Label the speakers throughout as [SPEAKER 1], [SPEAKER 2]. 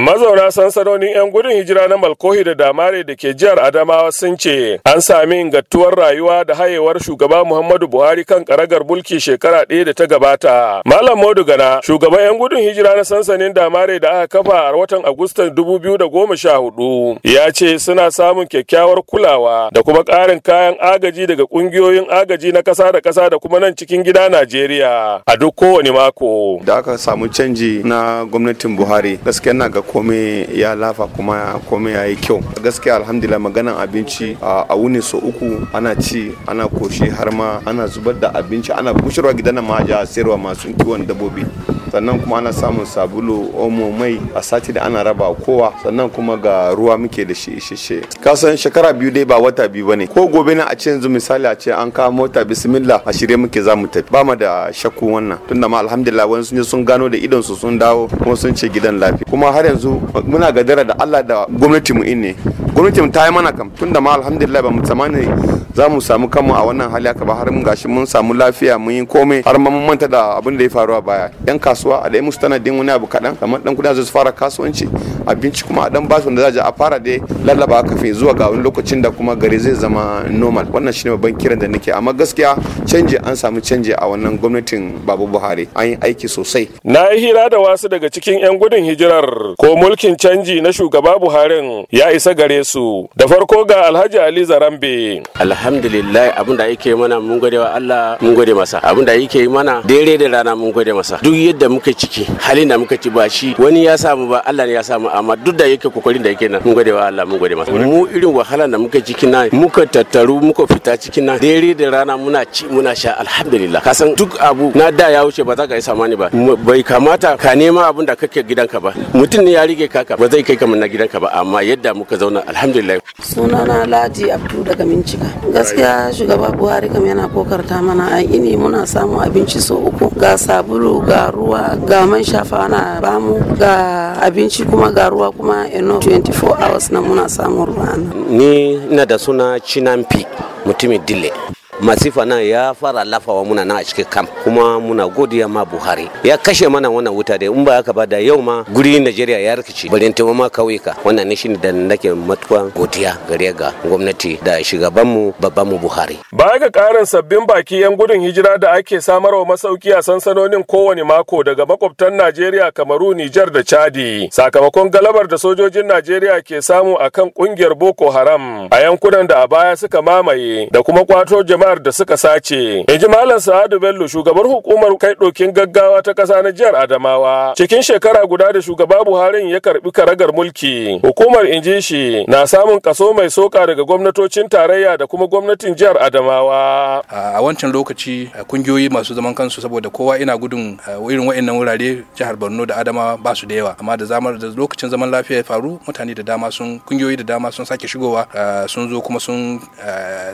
[SPEAKER 1] Mazauna sansanonin 'yan gudun hijira na Malkohi da Damare da ke jihar Adamawa sun ce an sami ingantuwar rayuwa da hayewar shugaba Muhammadu Buhari kan karagar mulki shekara ɗaya da ta gabata. Malam Modu Gana, shugaban 'yan gudun hijira na sansanin Damare da aka kafa a watan Agustan hudu, ya ce suna samun kyakkyawar kulawa da kuma ƙarin kayan agaji daga ƙungiyoyin agaji na kasa da kasa da kuma nan cikin gida Najeriya
[SPEAKER 2] a duk kowane mako. Da aka samu canji na gwamnatin Buhari, gaskiya na ga kome ya lafa kuma kome ya yi kyau gaskiya alhamdulillah maganan abinci a wuni so uku ana ci ana koshi har ma ana zubar da abinci ana bushirwa gidan ma a sayarwa masu kiwon dabbobi sannan kuma ana samun sabulu omo mai a sati da ana raba kowa sannan kuma ga ruwa muke da shi isheshe kasan shekara biyu dai ba wata biyu bane ko gobe na a ce yanzu misali a ce an kawo mota bismillah a shirye muke za mu tafi ba mu da shakku wannan tunda ma alhamdulillah wani sun je sun gano da idon su sun dawo kuma sun ce gidan lafiya kuma har yanzu muna gadara da Allah da gwamnati mu inne. gwamnati mu ta yi mana kam tunda ma alhamdulillah ba mu tsamani za mu samu kanmu a wannan hali haka ba har mun gashi mun samu lafiya mun yi komai har ma mun manta da abin da ya faru a baya yan kasuwa a dai musu tanadin wani abu kaɗan kamar dan kuɗi su fara kasuwanci abinci kuma a dan basu da za a fara dai lallaba kafin zuwa ga wani lokacin da kuma gari zai zama normal wannan shine babban kiran da nake amma gaskiya canji an samu canji a wannan gwamnatin babu buhari an yi aiki sosai
[SPEAKER 1] na yi hira da wasu daga cikin yan gudun hijirar ko mulkin canji na shugaba buharin
[SPEAKER 2] ya isa gare su
[SPEAKER 3] da farko ga alhaji ali zarambe alhamdulillah abin da yake mana mun gode wa Allah mun gode masa abin da yake mana dare da rana mun gode masa duk yadda muka ciki halin da muka ci ba shi wani ya samu ba Allah ne ya samu amma duk da yake kokarin da yake nan mun gode wa Allah mun gode masa mu irin wahala da muka ciki nan muka tattaru muka fita cikin nan dare da rana muna ci muna sha alhamdulillah kasan duk abu na da ya wuce ba za ka yi samani ba bai kamata ka nema abin da kake gidanka ba mutum ne ya rige kaka ba zai kai kamar na gidanka ba amma yadda muka zauna alhamdulillah sunana Ladi Abdu daga Mincika gaskiya shugaba buhari kam yana kokarta mana a ini muna samu abinci so uku ga sabulu ga ruwa ga man shafa ana bamu ga abinci kuma ga ruwa kuma eno 24 hours na muna samun ruwa ni ina da suna chinampi mutumin dile masifa nan ya fara lafawa muna nan a cikin kam kuma muna godiya ma buhari ya kashe mana wannan wuta da in ba haka ba da yau ma guri najeriya ya rikici bari ta ma kauyuka wannan ne shine da nake matukan godiya gare ga gwamnati da babban babbanmu buhari
[SPEAKER 1] baya ga karin sabbin baki yan gudun hijira da ake samarwa masauki a sansanonin kowane mako daga makwabtan najeriya kamaru nijar da chadi sakamakon galabar da sojojin najeriya ke samu akan kungiyar boko haram a yankunan da a baya suka mamaye da kuma kwato jama'a jihar da suka sace. In ji Malam Sa'adu Bello shugabar hukumar kai dokin gaggawa ta kasa na jihar Adamawa. Cikin shekara guda da shugaba Buhari ya karbi karagar mulki. Hukumar in ji shi na samun kaso mai soka daga gwamnatocin tarayya
[SPEAKER 4] da kuma gwamnatin jihar Adamawa. A wancan lokaci kungiyoyi masu zaman kansu saboda kowa ina gudun irin wa'annan wurare jihar Borno da Adamawa ba su da yawa amma da zamar da lokacin zaman lafiya ya faru mutane da dama sun kungiyoyi da dama sun sake shigowa sun zo kuma sun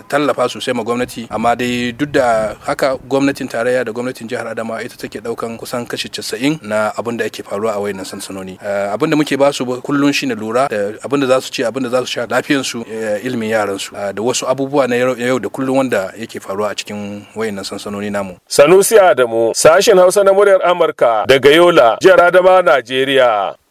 [SPEAKER 4] tallafa sosai ma gwamnati amma dai duk da haka gwamnatin tarayya da gwamnatin jihar adama ita take daukan kusan kashi casa'in na abin da ake faruwa a wayannan sansanoni eh, abin da muke ba su kullun shine lura da abin da za su ci abin da za su sha lafiyar su eh, ilimin yaran su eh, da wasu abubuwa na yau da kullun wanda yake faruwa a cikin wayannan sansanoni namu sanusi adamu
[SPEAKER 1] sashen hausa na muryar amurka daga yola jihar
[SPEAKER 4] adama najeriya